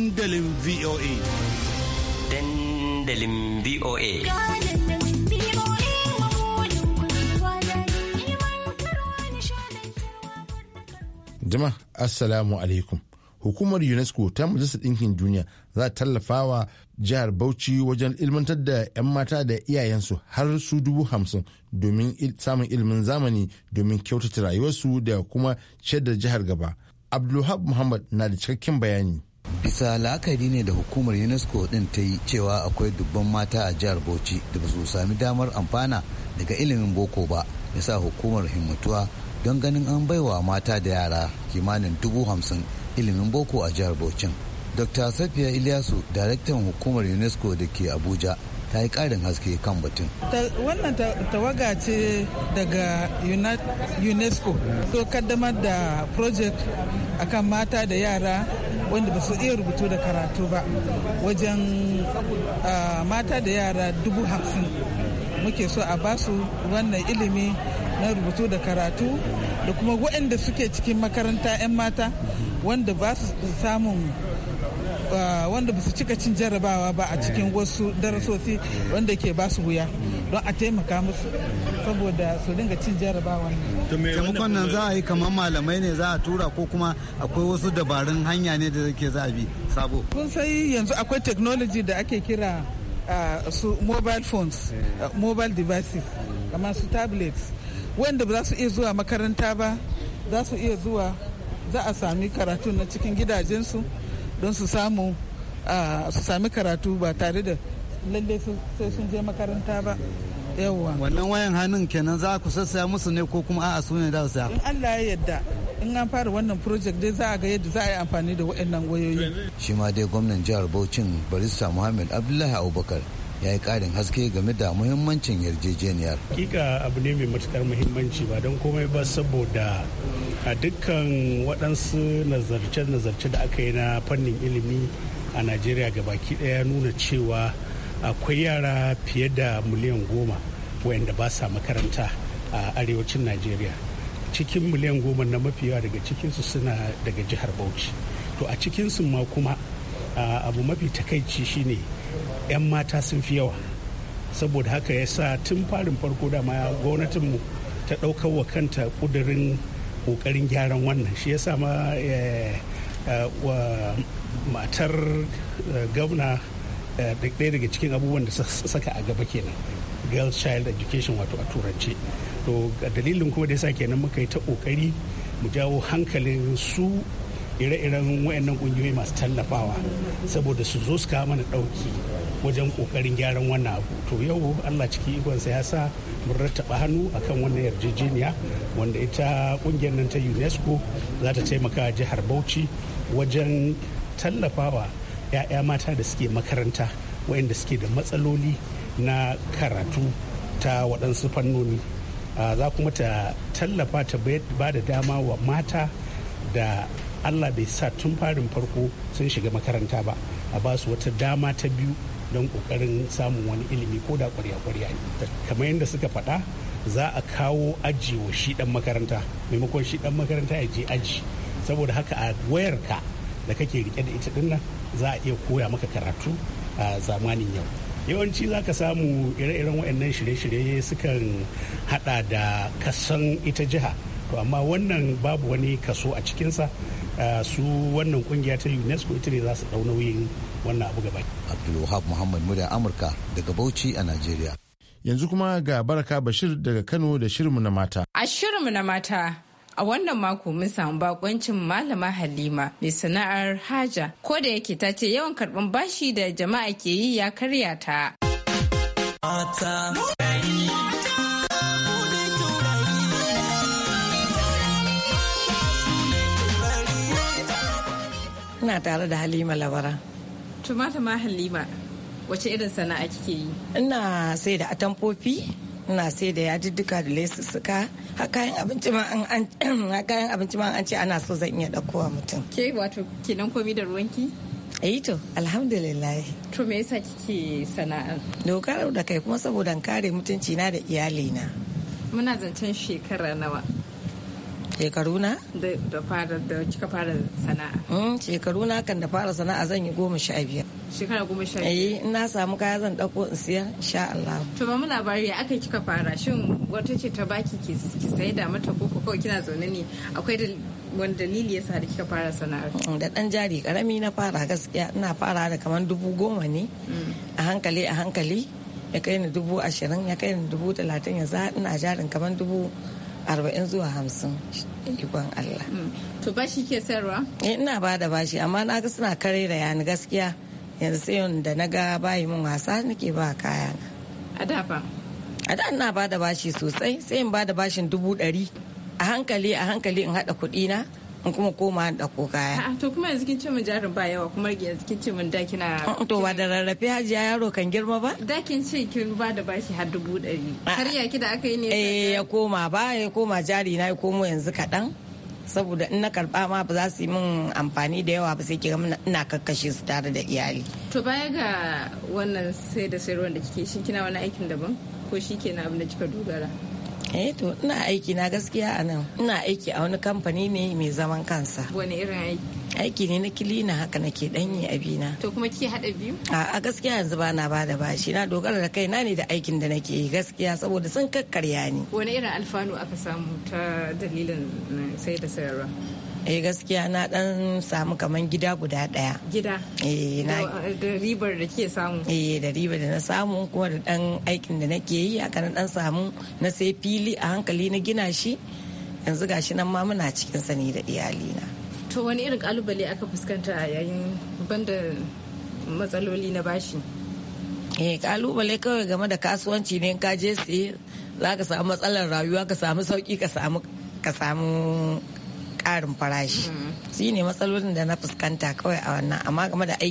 dandalin VOA. Dandalin VOA. Jama'a Assalamu alaikum. Hukumar UNESCO ta Majalisar Ɗinkin Duniya za ta tallafa wa jihar Bauchi wajen ilmantar da 'yan mata da iyayensu har su dubu hamsin domin samun ilimin zamani domin kyautata rayuwarsu da kuma ciyar da jihar gaba. Abdulhab Muhammad na da cikakken bayani. bisa la'akari ne da hukumar unesco din ta yi cewa akwai dubban mata a jihar bauchi da ba su sami damar amfana daga ilimin boko ba ya sa hukumar himmatuwa don ganin an baiwa mata da yara kimanin dubu hamsin ilimin boko a jihar bauchin dr safiya ilyasu daraktan hukumar unesco da ke abuja ta yi ƙarin haske kan batun. Wannan tawaga ce daga UNESCO so kaddamar da project akan mata da yara wanda ba su iya rubutu da karatu ba wajen mata da yara dubu hamsin muke so a basu wannan ilimi na rubutu da karatu da kuma waɗanda suke cikin makaranta 'yan mata wanda ba su samun wanda ba su cika cin jarabawa ba a cikin wasu darasosi wanda ke ba su wuya don a taimaka musu saboda su dinga cin jarabawa taimakon nan za a yi kamar malamai ne za a tura ko kuma akwai wasu dabarun hanya ne da ke za a bi sabo kun sai yanzu akwai technology da ake kira su mobile phones mobile devices kamar su tablets wanda ba za su iya zuwa makaranta ba za su iya zuwa za a sami karatu na cikin gidajensu don su samu su sami karatu ba tare da lalle sai sun je makaranta ba yawwa wannan wayan hannun kenan za ku sassaya musu ne ko kuma a'a su ne da su in Allah ya yarda in an fara wannan project dai za a ga yadda za a yi amfani da waɗannan wayoyi shi ma dai gwamnan jihar Bauchin barista Muhammad Abdullahi Abubakar ya yi ƙarin haske game da muhimmancin yarjejeniyar. Hakika abu ne mai matukar muhimmanci ba don komai ba saboda a dukkan waɗansu nazarce-nazarce da aka yi na fannin ilimi a najeriya baki ɗaya nuna cewa akwai yara fiye da miliyan goma wayanda ba sa makaranta a arewacin najeriya cikin miliyan goma na mafiya daga cikinsu suna daga jihar bauchi to a cikinsu ma kuma abu mafi takaici shine 'yan mata sun fi yawa saboda haka ya sa tun farin farko dama gwamnatinmu ta ɗaukar wa kanta ƙudurin kokarin gyaran wannan shi yasa ma eh, eh, matar eh, gwamna ɗaya daga cikin abubuwan da saka a gaba kenan girls child education wato a turanci to dalilin kuma da ya sa kenan muka yi ta kokari mu jawo hankalin su ire-iren wayannan kungiyoyi masu tallafawa saboda su zo su kawo mana dauki wajen kokarin gyaran wannan abu to yau allah ciki ikonsa ya sa mun rattaba hannu akan wannan yarjejeniya wanda ita kungiyar nan ta unesco za ta taimaka jihar bauchi wajen tallafawa 'ya'ya mata da suke makaranta wayanda suke da matsaloli na karatu ta waɗansu fannoni za kuma ta tallafa ta ba da dama wa mata da allah bai sa tun farin farko sun shiga makaranta ba a ba su wata dama ta biyu don kokarin samun wani ilimi ko da kwarya-kwarya kamar yadda suka faɗa za a kawo aji wa shi dan makaranta maimakon shi dan makaranta ya je aji saboda haka a wayarka da kake rike da ita dinnan za a iya koya maka karatu a zamanin yau yawanci za ka samu ire-iren waɗannan shirye-shirye sukan hada da kasan ita jiha to amma wannan babu wani kaso a cikinsa eh, su wannan kungiya ta unesco ita ne za su dau nauyin wannan abu gaba abdulwahab muhammad muda amurka daga bauchi a nigeria yanzu kuma ga baraka bashir daga kano da shirinmu na mata a shirinmu na mata a wannan mako mun samu bakoncin malama halima mai sana'ar haja ko da yake ta ce yawan karɓar bashi da jama'a ke yi ya karya ta Ina tare da Halima Labara. Tumata ma Halima, wace irin sana'a kike yi? Ina sai da atamfofi, ina sai da yadudduka da lesussuka, a kayan abinci ma an ce ana so zan iya ɗaukowa mutum. Ke wato kenan komi da ruwanki? Eh to, alhamdulillah. To me yasa kike sana'a? Dokar da kai kuma saboda kare mutunci na da iyalina. Muna zancen shekara nawa. shekaru na da fara da kika fara sana'a mm, shekaru na kan da fara sana'a zan yi goma sha biyar shekara goma sha biyar eh na samu kaya zan ɗauko in siyar insha Allah to ba muna labari ya aka kika fara shin wata ce ta baki ki sai da mata ko kawai kina zaune ne akwai da wani dalili yasa da kika fara sana'a. Mm, da dan jari karami na fara gaskiya ina fara da kaman dubu goma ne mm. a hankali a hankali ya kai ni dubu ashirin ya kai ni dubu talatin ya za ina jarin kamar dubu arba'in zuwa hamsin ikon Allah. Hmm. To bashi ke sayarwa? Eh, ina ba da bashi amma na ga suna kare da yani gaskiya yanzu sai da na ga bayi mun wasa nake ba kaya na. A da fa? A da ina ba da bashi sosai sai in ba da bashin dubu ɗari a hankali a hankali in haɗa kuɗi na in kuma koma da ko kaya. To kuma yanzu kin ce min jarin ba yawa kuma yanzu kin ce min da kina. Oh, to ba da rarrafe hajiya yaro kan girma ba? Da kin ce kin ba da bashi har dubu ɗari. Har ya ki da aka yi ne. Eh ya koma ba ya koma jari na ya komo yanzu kaɗan. saboda in na karba ma ba za su yi min amfani da yawa ba sai ki ina kakkashe su tare da iyali. To baya ga wannan sai da sayarwa da kike shi kina wani aikin daban ko shi kenan abin da kika dogara? eh to ina aiki na gaskiya a nan ina aiki a wani kamfani ne mai zaman kansa wani irin aiki aiki ne na kilina haka nake danyi abina to kuma ki hada biyu a gaskiya yanzu ba na bada bashi na dogara da kai na ne da aikin da nake yi gaskiya saboda sun kakkarya ni wani irin alfanu aka samu ta dalilin eh, sai da sayarwa eh gaskiya na dan samu kaman gida guda daya gida eh na da ribar da ke samu eh da ribar da na samu kuma da dan aikin da nake yi aka na dan samu na sai fili a hankali na gina shi yanzu gashi nan ma muna cikin sani da na to wani irin kalubale aka fuskanta a yayin banda matsaloli na bashi eh kalubale kawai game da kasuwanci ne ka je sai za ka samu matsalar rayuwa ka samu sauki ka samu ka samu karin farashi mm. shi ne matsalolin da na fuskanta kawai a wannan amma game da